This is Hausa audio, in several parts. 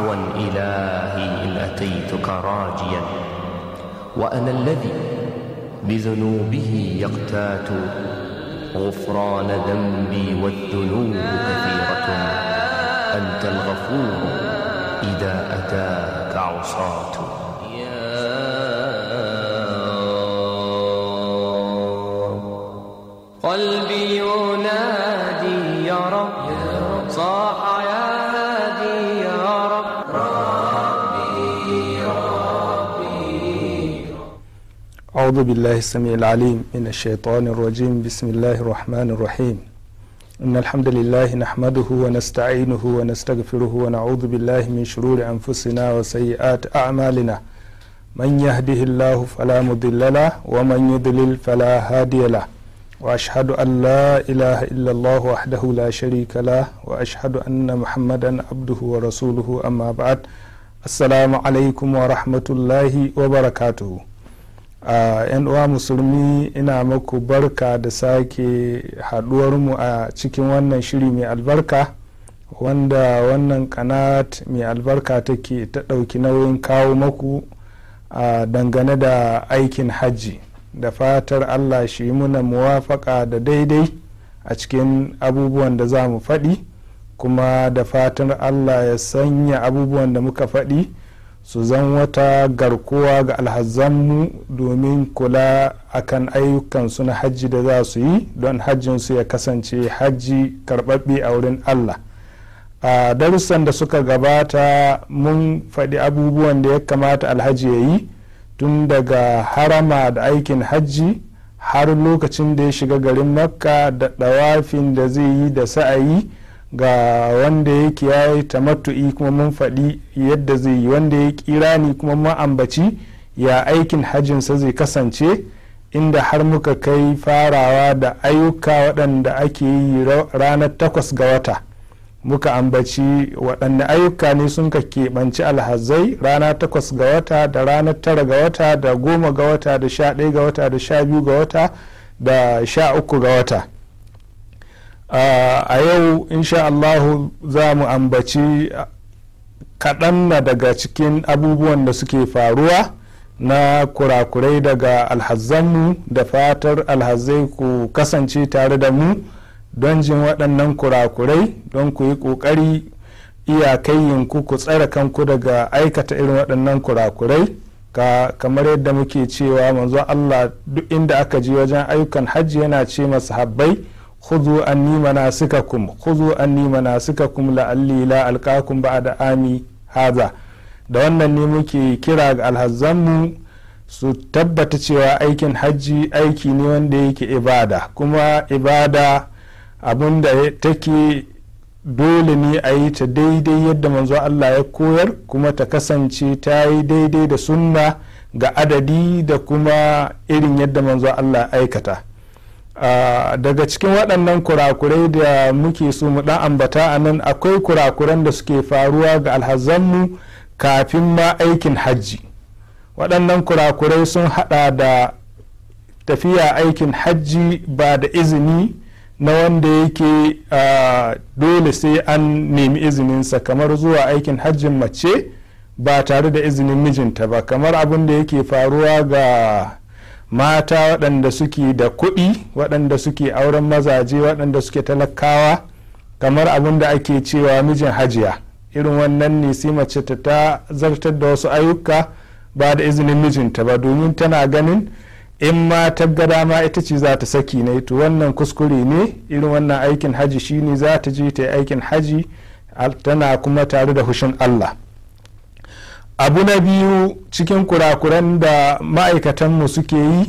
عفوا إلهي إن أتيتك راجيا وأنا الذي بذنوبه يقتات غفران ذنبي والذنوب كثيرة أنت الغفور إذا أتاك عصاته قلبي أعوذ بالله السميع العليم من الشيطان الرجيم بسم الله الرحمن الرحيم إن الحمد لله نحمده ونستعينه ونستغفره ونعوذ بالله من شرور أنفسنا وسيئات أعمالنا من يهده الله فلا مضل له ومن يضلل فلا هادي له وأشهد أن لا إله إلا الله وحده لا شريك له وأشهد أن محمدا عبده ورسوله أما بعد السلام عليكم ورحمة الله وبركاته yan uwa musulmi ina maku barka da sake mu a cikin wannan shiri mai albarka wanda wannan kanat mai albarka take ta ɗauki nauyin kawo maku a dangane da aikin hajji da fatar allah shi muna muwafaka da daidai a cikin abubuwan da za mu faɗi kuma da fatar allah ya sanya abubuwan da muka faɗi su zan wata garkuwa ga alhazanmu domin kula akan ayyukansu na hajji da za su yi don hajjinsu ya kasance hajji karbabbe a wurin allah a darussan da suka gabata mun faɗi abubuwan da ya kamata alhaji ya yi tun daga harama da aikin hajji har lokacin da ya shiga garin makka da ɗawafin da zai yi da sa'ayi ga wanda yake ya yi tamattu'i kuma mun faɗi yadda zai yi wanda ya ni kuma mun ambaci ya aikin hajjinsa zai kasance inda har muka kai farawa da ayyuka waɗanda ake yi ranar takwas ga wata muka ambaci waɗanne ayyuka ne sun ka keɓanci alhazai rana takwas ga wata da ranar tara ga wata da goma ga wata da sha ɗaya ga wata da sha biyu ga wata da sha uku ga wata a yau insha allahu za mu ambaci kaɗan daga cikin abubuwan da suke faruwa na kurakurai daga alhazzanmu da fatar alhazzai ku kasance tare da mu don jin waɗannan kurakurai don ku yi ƙoƙari yinku ku tsare kanku daga aikata irin waɗannan kurakurai ka kamar yadda muke cewa manzo allah duk inda aka je wajen ayyukan hajji yana ce masu habbai khudhu anni manasikakum khudhu anni manasikakum la'alli la alqakum ba'da ami haza da wannan ne muke kira ga alhazzanmu su tabbata cewa aikin hajji aiki ne wanda yake ibada kuma ibada abun da take dole ne a yi ta daidai yadda manzo Allah ya koyar kuma ta kasance ta yi daidai da sunna ga adadi da kuma irin yadda manzo Allah aikata Ah, daga cikin waɗannan kurakurai da muke so mu ɗan ambata a nan akwai kurakuran da suke faruwa ga alhazanmu kafin ma aikin hajji waɗannan kurakurai sun haɗa da tafiya aikin hajji ba da izini na wanda yake ah, dole sai an nemi izininsa kamar zuwa aikin hajjin mace ba tare da izinin mijinta ba kamar abin da yake faruwa ga mata waɗanda suke da kuɗi waɗanda suke auren mazaje waɗanda suke talakawa kamar abin da ake cewa mijin hajiya irin wannan ne sai mace ta ta zartar da wasu ayyuka ba da izinin mijinta ba domin tana ganin in ma ta dama ita ce za ta saki ne to wannan kuskure ne irin wannan aikin haji shine za ta je ta yi aikin haji tana kuma tare da hushin allah abu na biyu cikin kurakuran da ma'aikatanmu suke yi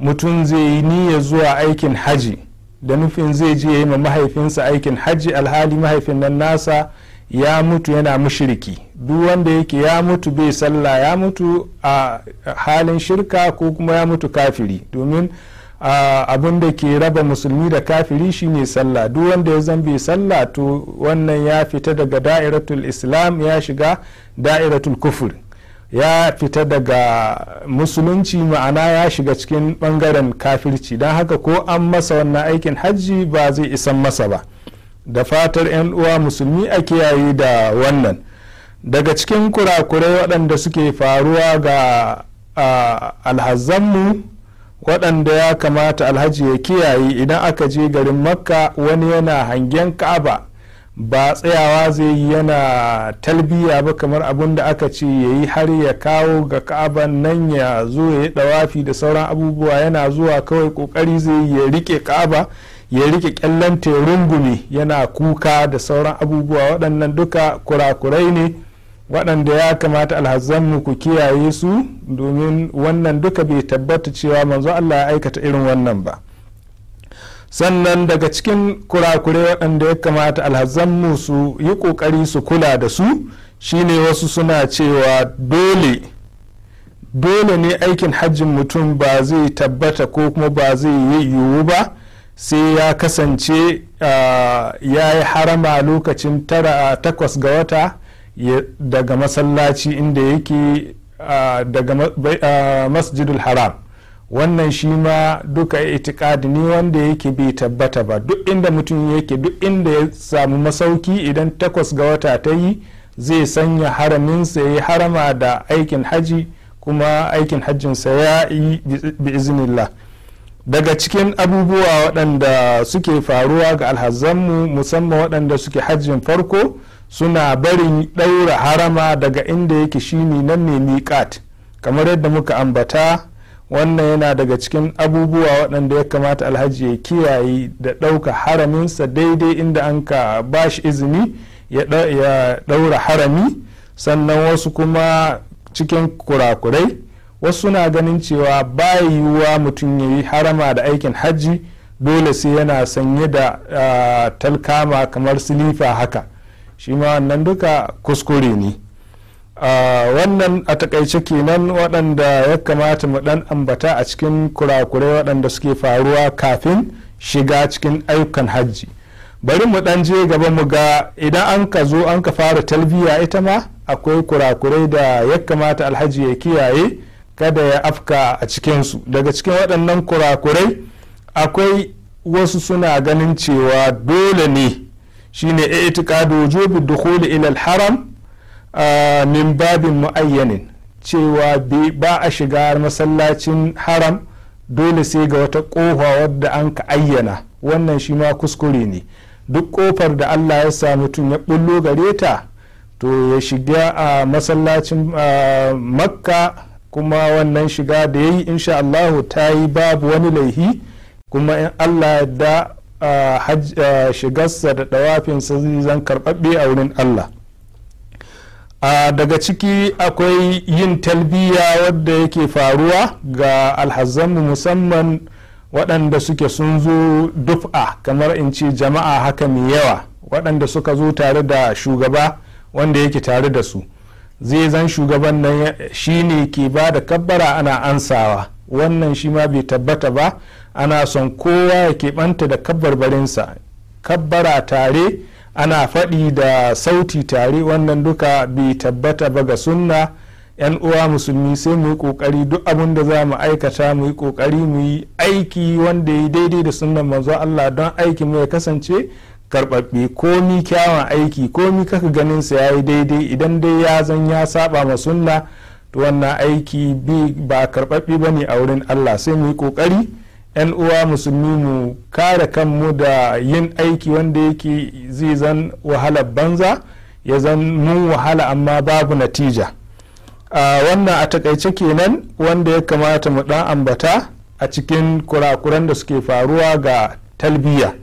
mutum zai yi niyyar zuwa aikin haji da nufin zai je yi ma mahaifinsa aikin haji alhali mahaifin nan nasa ya mutu yana mushiriki duk wanda yake ya mutu bai sallah ya mutu a halin shirka ko kuma ya mutu kafiri domin abin da ke raba musulmi da kafiri shine sallah duk wanda ya zambe sallah to wannan ya fita daga da'iratul islam ya shiga da'iratul kufur ya fita daga musulunci ma'ana ya shiga cikin bangaren kafirci don haka ko an masa wannan aikin hajji ba zai isan masa ba da fatar 'yan uwa musulmi a kiyaye da wannan daga cikin kurakurai waɗanda suke faruwa ga alhazanmu waɗanda ya kamata alhaji ya kiyaye idan aka je garin makka wani yana hangen ka'aba ba tsayawa zai yi yana talbiya ba kamar abun da aka ce ya yi har ya kawo ga ka'aban nan ya zo ya yi dawafi da sauran abubuwa yana zuwa kawai ƙoƙari zai yi ya rike ka'aba ya rike kyallon rungume yana kuka da sauran abubuwa waɗannan duka kurakurai ne waɗanda ya kamata alhazanmu ku kiyaye su domin wannan duka bai tabbata cewa manzo Allah ya aikata irin wannan ba sannan daga cikin kurakure waɗanda ya kamata alhazanmu su yi ƙoƙari su kula da su shine wasu suna cewa dole dole ne aikin hajjin mutum ba zai tabbata ko kuma ba zai yi yiwu ba sai ya kasance ah, ya yi harama lokacin tara takwas ga wata daga masallaci inda yake daga masjidul haram wannan shi ma duka itikadi ne wanda yake bai tabbata ba duk inda mutum yake duk inda ya samu masauki idan takwas ga wata ta yi zai sanya haraminsa ya harama da aikin haji kuma aikin hajjinsa ya yi bi izinillah daga cikin abubuwa waɗanda suke faruwa ga alhazanmu musamman waɗanda suke hajjin farko suna barin ɗaura harama daga inda yake shine nan ne miƙat kamar yadda muka ambata wannan yana daga cikin abubuwa waɗanda ya kamata alhaji ya kiyaye da ɗauka haraminsa daidai inda an ka ba shi izini ya ɗaura harami sannan wasu kuma cikin kurakurai wasu suna ganin cewa ba yiwuwa mutum ya yi harama da aikin hajji dole sai yana sanye da ah, talkama kamar silifa haka shi ma wannan duka kuskure ne wannan a takaice kenan waɗanda ya kamata mu ɗan ambata a cikin kurakurai waɗanda suke faruwa kafin shiga cikin ayyukan hajji bari mu ɗan je gaba mu ga idan an ka zo an ka fara talbiya ita ma akwai kurakurai da ya kamata alhaji ya kiyaye kada ya afka a cikinsu daga cikin waɗannan kurakurai akwai wasu suna ganin cewa dole ne shine i'tiqadu wujubi dukhuli ila alharam haram min babin muayyanin cewa ba a shiga masallacin haram dole sai ga wata kofa wadda an ka ayyana wannan shi ma kuskure ne duk kofar da Allah ya sa mutum ya bullo gare ta to ya shiga a masallacin makka kuma wannan shiga da ya yi insha Allahu ta yi babu wani laihi kuma in Allah da shigarsa da ɗawafinsa zai zan karɓaɓɓe a wurin allah daga ciki akwai yin talbiya wadda yake faruwa ga alhazanmu musamman waɗanda suke sun zo duf'a kamar in ce jama'a haka mai yawa waɗanda suka zo tare da shugaba wanda yake tare da su zai zan shugaban nan shi ne ke ba da kabbara ana ansawa wannan shi ma bai tabbata ba ana son kowa ya keɓanta da kabbarbarinsa kabbara tare ana faɗi da sauti tare wannan duka bai tabbata ba ga sunna yan uwa musulmi sai mu yi kokari duk abin da za mu aikata mu yi muyi mu yi aiki wanda ya daidai da sunnan manzo Allah don aikin mu ya kasance karbabbe komi kyawun aiki komi kaka ganin sa yayi daidai idan dai ya zan ya saba ma sunna wannan aiki ba karbabbi ba ne a wurin allah sai mu yi ƙoƙari yan uwa musulmi mu kare kanmu da yin aiki wanda yake zai zan wahala banza ya zan mun wahala amma babu natija wannan a takaice kenan wanda ya kamata mu ɗan ambata a cikin kurakuran da suke faruwa ga talbiya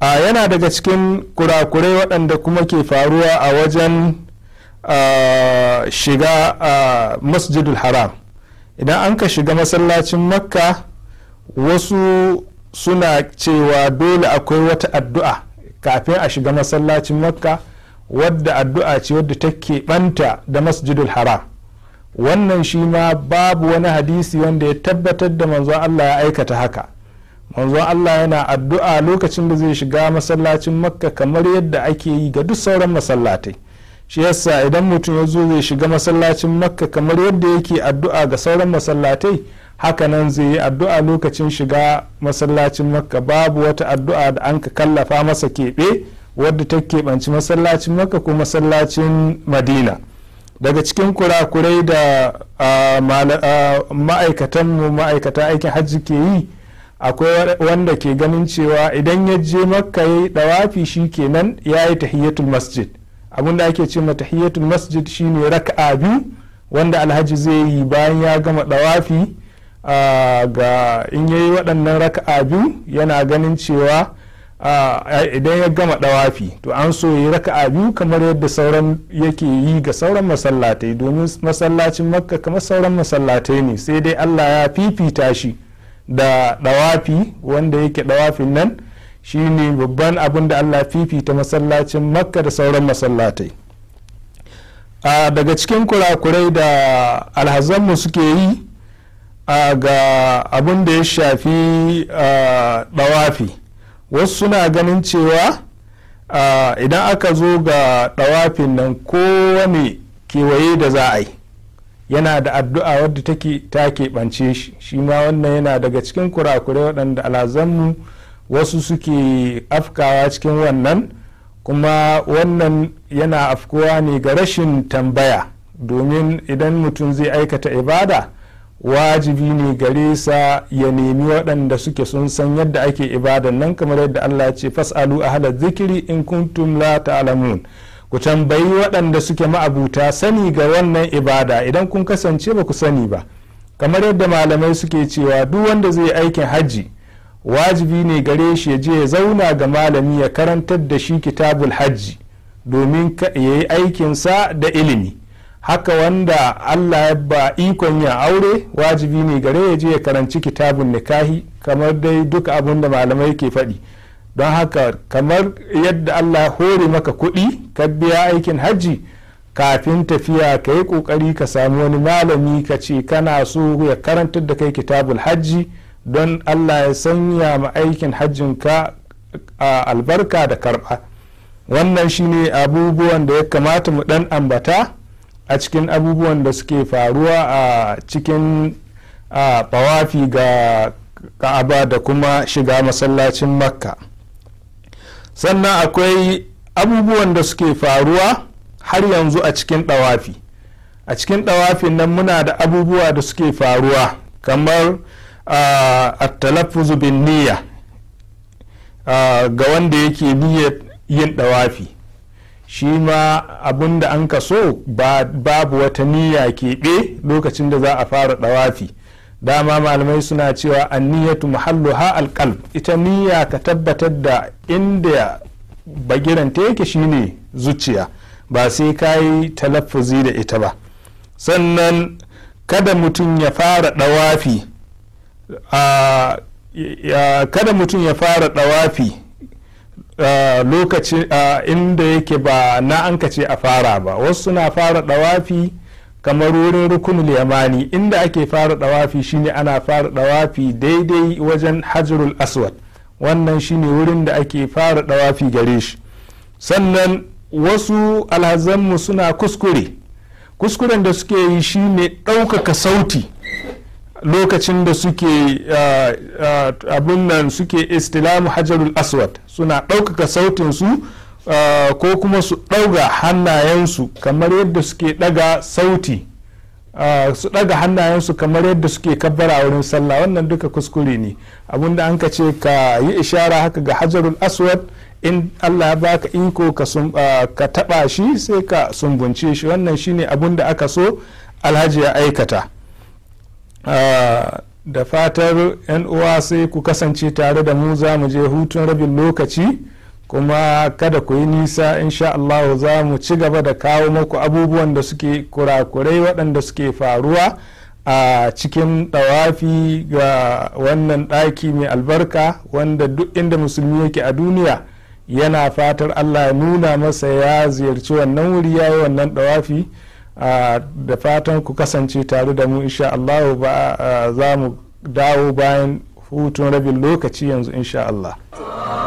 yana daga cikin kurakurai waɗanda kuma ke faruwa a wajen shiga masjidul haram idan an ka shiga masallacin makka wasu suna cewa dole akwai wata addu'a kafin a shiga masallacin makka wadda addu'a ce wadda ta banta da masjidul haram wannan shi ma babu wani hadisi wanda ya tabbatar da manzon allah ya aikata haka manzon allah yana addu'a lokacin da zai shiga masallacin makka kamar yadda ake yi ga duk sauran masallatai shi yasa idan mutum ya zo zai shiga masallacin makka kamar yadda yake addu'a ga sauran masallatai hakanan zai yi addu'a lokacin shiga masallacin makka babu wata addu'a da an ka kallafa masa keɓe wadda ta keɓanci masallacin makka ko masallacin madina daga cikin kurakurai da ma'aikatanmu ma'aikata aikin hajji ke yi akwai wanda ke ganin cewa idan ya je makka ya yi dawafi shi kenan ya yi tahiyatul masjid da ake ce mata hiyatul masjid shine raka'a biyu wanda alhaji zai yi bayan ya gama dawafi ga in yayi waɗannan raka'a biyu yana ganin cewa idan ya gama dawafi to an so yi raka'a biyu kamar yadda sauran yake yi ga sauran masallatai domin masallacin makka kamar sauran masallatai ne sai dai allah ya fifita shi da dawafi wanda yake dawafin nan shine babban abin da allah fifita masallacin makka da sauran masallatai a daga cikin kurakurai da alhazan alhazanmu suke yi a ga abin da ya shafi dawafi wasu suna ganin cewa idan aka zo ga dawafin nan kowane kewaye da za a yi yana da addu'a wadda take ta keɓance shi shi ma wannan yana daga cikin kurakurai waɗanda alhazan mu. wasu suke afkawa cikin wannan kuma wannan yana afkowa ne ga rashin tambaya domin idan mutum zai aikata ibada wajibi ne gare sa ya nemi waɗanda suke sun san yadda ake ibadan nan kamar yadda Allah ce fas'alu ahla zikiri in kuntum la ta'lamun ku tambayi waɗanda suke ma'abuta sani ga wannan ibada idan kun kasance ba ku sani ba kamar yadda malamai suke cewa duk wanda zai aikin hajji wajibi ne gare shi ya je ya zauna ga malami ya karantar da shi kitabul hajji domin ya yi aikinsa da ilimi haka wanda allah ya ba ikon ya aure wajibi ne gare ya je ya karanci kitabun nikahi kamar dai duka abin da malamai ke faɗi don haka kamar yadda allah hore maka kuɗi ka biya aikin hajji kafin tafiya ka yi ƙoƙari ka sami wani malami ka ce kana so ya karantar da kai kitabul hajji don allah ya sanya ma aikin hajjin ka albarka da karba wannan shine abubuwan da ya kamata mu dan ambata a cikin abubuwan da suke faruwa a cikin bawafi ga ka'aba da kuma shiga masallacin makka sannan akwai abubuwan da suke faruwa har yanzu a cikin dawafi a cikin ɗawafin nan muna da abubuwa da suke faruwa kamar a ah, talaffuzu bin niyya ah, ga wanda yake niyyar yin dawafi shi ma abun da an so babu wata niyya keɓe lokacin da za a fara dawafi dama malamai suna cewa muhallu muhalluha alƙal ita niyya ka tabbatar da inda bagiranta yake shine zuciya ba sai ka yi talaffuzi da ita ba sannan kada mutum ya fara dawafi kada mutum ya fara ɗawafi lokaci inda yake ba na an ce a fara ba wasu suna fara ɗawafi kamar wurin rukunul yamani inda ake fara ɗawafi shine ana fara ɗawafi daidai wajen hajarul aswad wannan shine wurin da ake fara ɗawafi gare shi sannan wasu alhazanmu suna kuskure kuskuren da suke yi shine ɗaukaka sauti lokacin da suke uh, uh, abin nan suke istilamu hajarul aswad suna ɗaukaka sautinsu uh, ko kuma su ɗauga hannayensu kamar yadda suke ɗaga sauti su ɗaga hannayensu kamar yadda suke kabbara wurin sallah wannan duka kuskure ne abinda an ka ce ka yi ishara haka ga hajarul aswad in allah ya baka iko ka taɓa shi sai ka sumbunce shi wannan shine da aka so alhaji ya aikata Ah, da fatar 'yan uwa sai ku kasance tare da mu za mu je hutun rabin lokaci kuma kada ku yi nisa insha Allah za mu ci gaba da kawo muku abubuwan da suke kurakurai waɗanda suke faruwa a cikin ɗawafi ga wannan ɗaki mai albarka wanda duk inda musulmi yake a duniya yana fatar Allah ya nuna masa ya ziyarci wannan wuri ya yi wannan ɗawafi. da fatan ku kasance tare da mu insha Allah ba za mu dawo bayan hutun rabin lokaci yanzu insha Allah.